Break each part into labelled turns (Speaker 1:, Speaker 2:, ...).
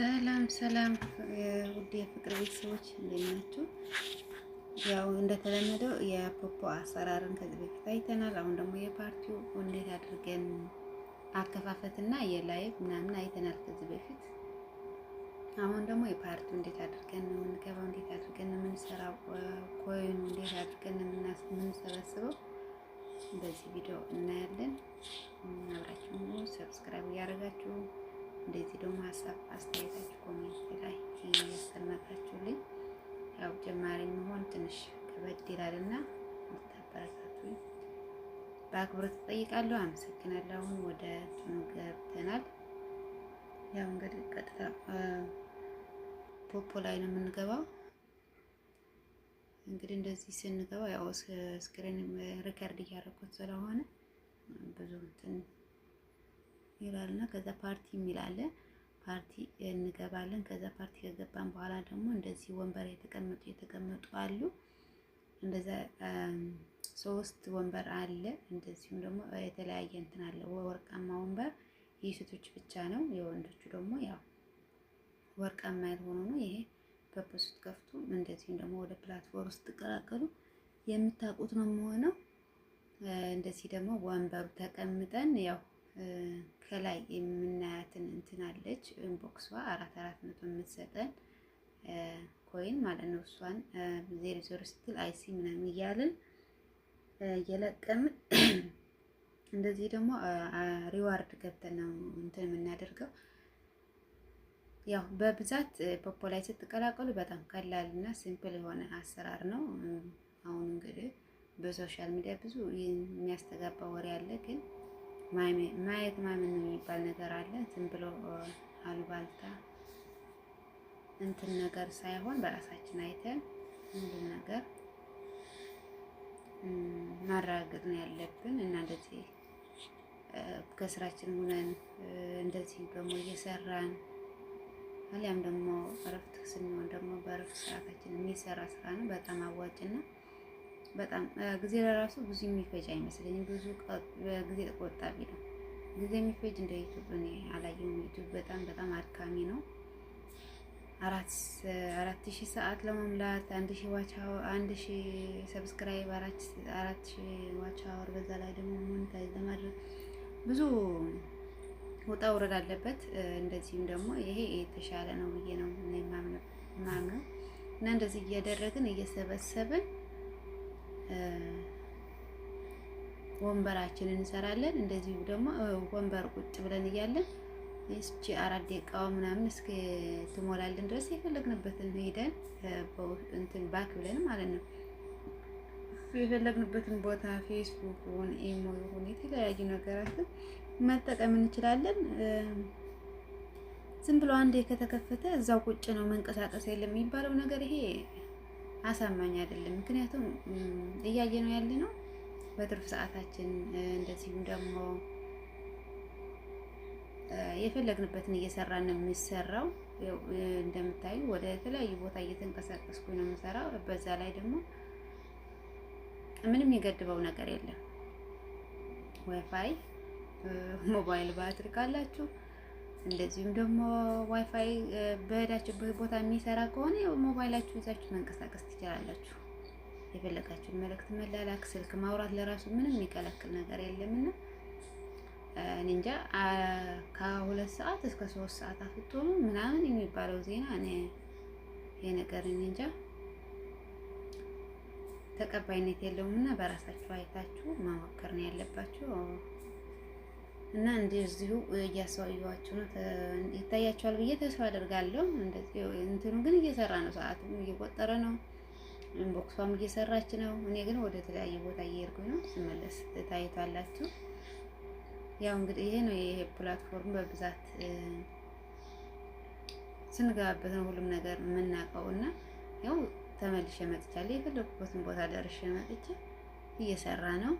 Speaker 1: ሰላም ሰላም ውድ የፍቅር ቤተሰቦች እንዴት ናችሁ? ያው እንደተለመደው የፖፖ አሰራርን ከዚህ በፊት አይተናል። አሁን ደግሞ የፓርቲው እንዴት አድርገን አከፋፈትና የላይቭ ምናምን አይተናል ከዚህ በፊት። አሁን ደግሞ የፓርቲው እንዴት አድርገን የምንገባው፣ እንዴት አድርገን የምንሰራው፣ ኮይኑ እንዴት አድርገን ነው የምንሰበስበው በዚህ ቪዲዮ እናያለን። አብራችሁ ሰብስክራይብ እያደረጋችሁ እንደዚህ ደግሞ ሀሳብ አስተያየታችሁ ኮሜንት ላይ እያስቀመጣችሁልኝ ያው ጀማሪ መሆን ትንሽ ከበድ ይላልና የምታበረታቱኝ በአክብሮት ትጠይቃለሁ። አመሰግናለሁ። አሁን ወደ እንትኑ ገብተናል። ያው እንግዲህ ቀጥታ ፖፖ ላይ ነው የምንገባው። እንግዲህ እንደዚህ ስንገባው ያው ስክሪን ሪከርድ እያደረኩት ስለሆነ ብዙ እንትን ይላልና ከዛ ፓርቲ የሚላለ ፓርቲ እንገባለን። ከዛ ፓርቲ ከገባን በኋላ ደግሞ እንደዚህ ወንበር የተቀመጡ የተቀመጡ አሉ። እንደዛ ሶስት ወንበር አለ። እንደዚሁም ደግሞ የተለያየ እንትን አለ። ወርቃማ ወንበር የሴቶች ብቻ ነው። የወንዶቹ ደግሞ ያው ወርቃማ ያልሆኑ ነው። ይሄ በፖስት ከፍቱ እንደዚሁም ደግሞ ወደ ፕላትፎርም ስትቀላቀሉ የምታውቁት ነው የሚሆነው። እንደዚህ ደግሞ ወንበሩ ተቀምጠን ያው ከላይ የምናያትን እንትን አለች ኢንቦክሷ አራት አራት መቶ የምትሰጠን ኮይን ማለት ነው። እሷን ዜሮ ዜሮ ስትል አይሲ ምናምን እያልን እየለቀምን እንደዚህ ደግሞ ሪዋርድ ገብተን ነው እንትን የምናደርገው። ያው በብዛት ፖፖ ላይ ስትቀላቀሉ በጣም ቀላል እና ሲምፕል የሆነ አሰራር ነው። አሁን እንግዲህ በሶሻል ሚዲያ ብዙ የሚያስተጋባ ወሬ አለ ግን ማየት ማመን ነው የሚባል ነገር አለ። ዝም ብሎ አሉባልታ እንትን ነገር ሳይሆን በራሳችን አይተን ሁሉን ነገር ማረጋገጥ ነው ያለብን እና እንደዚህ ከስራችን ሆነን እንደዚህ ደግሞ እየሰራን አሊያም ደግሞ እረፍት ስንሆን ደግሞ በእረፍት ሰዓታችን የሚሰራ ስራ ነው በጣም አዋጭና በጣም ጊዜ ለራሱ ብዙ የሚፈጅ አይመስለኝም። ብዙ ጊዜ ተቆጣቢ ነው። ጊዜ የሚፈጅ እንደ ዩቱብ እኔ አላየሁም። ዩቱብ በጣም በጣም አድካሚ ነው። አራት ሺህ ሰዓት ለመሙላት አንድ ሺህ ዋች አንድ ሺህ ሰብስክራይብ አራት ሺህ ዋች አወር በዛ ላይ ደግሞ ሞኒታይዝ ለማድረግ ብዙ ውጣ ውረድ አለበት። እንደዚህም ደግሞ ይሄ የተሻለ ነው ብዬ ነው ማምነው እና እንደዚህ እያደረግን እየሰበሰብን ወንበራችንን እንሰራለን። እንደዚሁ ደግሞ ወንበር ቁጭ ብለን እያለን እስኪ አራት ደቂቃ ምናምን እስከ ትሞላልን ድረስ የፈለግንበትን ሄደን እንትን ባክ ብለን ማለት ነው የፈለግንበትን ቦታ ፌስቡክን፣ ኢሞ ይሁን የተለያዩ ነገራትን መጠቀም እንችላለን። ዝም ብሎ አንዴ ከተከፈተ እዛው ቁጭ ነው መንቀሳቀስ የለም የሚባለው ነገር ይሄ አሳማኝ አይደለም። ምክንያቱም እያየ ነው ያለ ነው በትርፍ ሰዓታችን እንደዚሁም ደግሞ የፈለግንበትን እየሰራን ነው የሚሰራው። እንደምታዩ ወደ ተለያዩ ቦታ እየተንቀሳቀስኩ ነው የምሰራው። በዛ ላይ ደግሞ ምንም የገድበው ነገር የለም። ዋይፋይ፣ ሞባይል ባትሪ ካላችሁ እንደዚሁም ደግሞ ዋይፋይ በሄዳችሁበት ቦታ የሚሰራ ከሆነ ሞባይላችሁ ይዛችሁ መንቀሳቀስ ትችላላችሁ። የፈለጋችሁን መልእክት መላላክ፣ ስልክ ማውራት ለራሱ ምንም የሚከለክል ነገር የለምና እኔ እንጃ ከሁለት ሰዓት እስከ ሶስት ሰዓት አፍጥኑ ምናምን የሚባለው ዜና እኔ ይሄ ነገር እኔ እንጃ ተቀባይነት የለውምና በራሳችሁ አይታችሁ መሞከር ነው ያለባችሁ። እና እንደዚሁ እያሳዩዋችሁ ነው ይታያቸዋል ብዬ ተስፋ አደርጋለሁ። እንትኑ ግን እየሰራ ነው፣ ሰዓቱም እየቆጠረ ነው፣ ቦክሷም እየሰራች ነው። እኔ ግን ወደ ተለያየ ቦታ እየሄድኩኝ ነው፣ ስመለስ ታይቷላችሁ። ያው እንግዲህ ይሄ ነው ይሄ ፕላትፎርም በብዛት ስንገባበት ነው ሁሉም ነገር የምናውቀው እና ያው ተመልሼ መጥቻለሁ። የፈለኩበትን ቦታ ደርሼ መጥቼ እየሰራ ነው።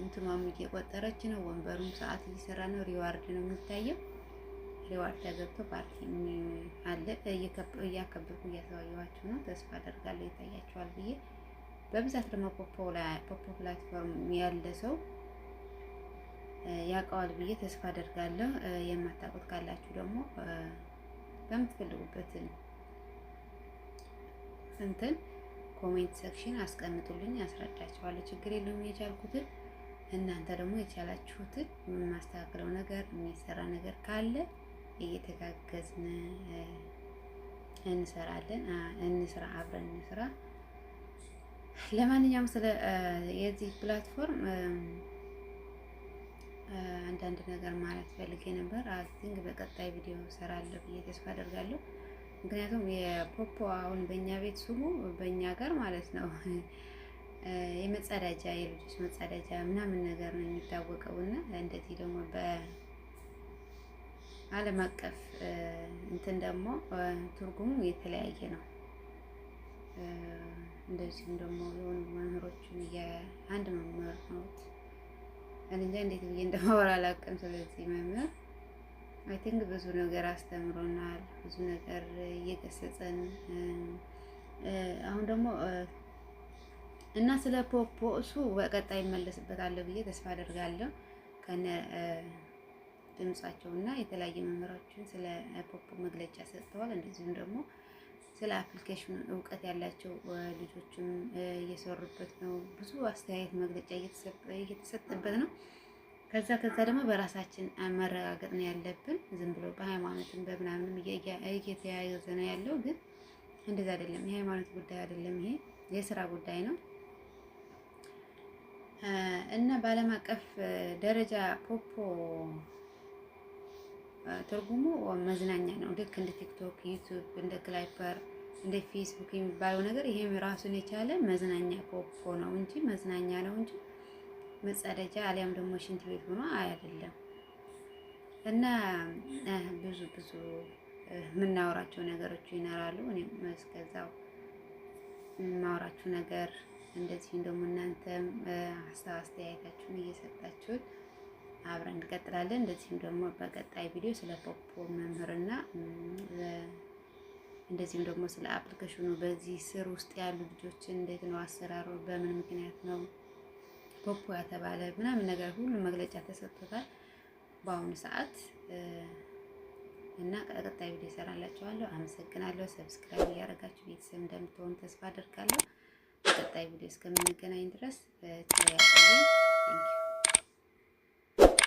Speaker 1: እንትኗም እየቆጠረች ነው። ወንበሩም ሰዓት እየሰራ ነው። ሪዋርድ ነው የሚታየው። ሪዋርድ ተገብቶ ፓርቲ አለ። እያከበርኩ እያሳየኋችሁ ነው። ተስፋ አደርጋለሁ ይታያቸዋል ብዬ በብዛት ደግሞ ፖፖ ፕላትፎርም ያለ ሰው ያውቀዋል ብዬ ተስፋ አደርጋለሁ። የማታውቁት ካላችሁ ደግሞ በምትፈልጉበት እንትን ኮሜንት ሴክሽን አስቀምጡልኝ፣ ያስረዳችኋለሁ። ችግር የለውም። የቻልኩትን እናንተ ደግሞ የቻላችሁትን የምናስተካክለው ነገር የሚሰራ ነገር ካለ እየተጋገዝን እንሰራለን። እንስራ፣ አብረን እንስራ። ለማንኛውም ስለ የዚህ ፕላትፎርም አንዳንድ ነገር ማለት ፈልጌ ነበር። አይ ቲንክ በቀጣይ ቪዲዮ እሰራለሁ ብዬ ተስፋ አደርጋለሁ። ምክንያቱም የፖፖ አሁን በእኛ ቤት ስሙ በእኛ ጋር ማለት ነው የመጸዳጃ የልጆች መጸዳጃ ምናምን ነገር ነው የሚታወቀው እና እንደዚህ ደግሞ በዓለም አቀፍ እንትን ደግሞ ትርጉሙ የተለያየ ነው። እንደዚሁም ደግሞ የሆኑ መምህሮችን የአንድ መምህር ነው እንጃ እንዴት ብዬ እንደማወራ አላውቅም። ስለዚህ መምህር አይ ቲንክ ብዙ ነገር አስተምሮናል፣ ብዙ ነገር እየገሰጸን አሁን ደግሞ እና ስለ ፖፖ እሱ በቀጣይ እመለስበታለሁ ብዬ ተስፋ አደርጋለሁ ከነ ድምጻቸው እና የተለያየ መምህራችን ስለ ፖፖ መግለጫ ሰጥተዋል። እንደዚሁም ደግሞ ስለ አፕሊኬሽን እውቀት ያላቸው ልጆችም እየሰሩበት ነው። ብዙ አስተያየት መግለጫ እየተሰጠበት ነው። ከዛ ከዛ ደግሞ በራሳችን መረጋገጥ ነው ያለብን። ዝም ብሎ በሃይማኖትም በምናምንም እየተያያዘ ነው ያለው፣ ግን እንደዛ አይደለም። የሃይማኖት ጉዳይ አይደለም፣ ይሄ የስራ ጉዳይ ነው እና በዓለም አቀፍ ደረጃ ፖፖ ትርጉሙ መዝናኛ ነው። ልክ እንደ ቲክቶክ፣ ዩቱብ፣ እንደ ክላይፐር፣ እንደ ፌስቡክ የሚባለው ነገር ይሄም ራሱን የቻለ መዝናኛ ፖፖ ነው እንጂ መዝናኛ ነው እንጂ መጸደጃ አሊያም ደግሞ ሽንት ቤት ሆኖ አይደለም እና ብዙ ብዙ የምናወራቸው ነገሮች ይኖራሉ። እኔም እስከዛው የማወራችሁ ነገር እንደዚህ ደግሞ እናንተም ሀሳብ አስተያየታችሁን እየሰጣችሁን አብረን እንቀጥላለን። እንደዚህም ደግሞ በቀጣይ ቪዲዮ ስለ ፖፖ መምህርና እንደዚህም ደግሞ ስለ አፕሊኬሽኑ በዚህ ስር ውስጥ ያሉ ልጆችን እንዴት ነው አሰራሩ፣ በምን ምክንያት ነው ፖፖ ያተባለ ምናምን ነገር ሁሉ መግለጫ ተሰጥቶታል በአሁኑ ሰዓት እና ቀጣይ ቪዲዮ እሰራላችኋለሁ። አመሰግናለሁ። ሰብስክራይብ እያደረጋችሁ ቤተሰብ እንደምትሆኑ ተስፋ አደርጋለሁ። ቀጣይ ቪዲዮ እስከምንገናኝ ድረስ ቴንኪው።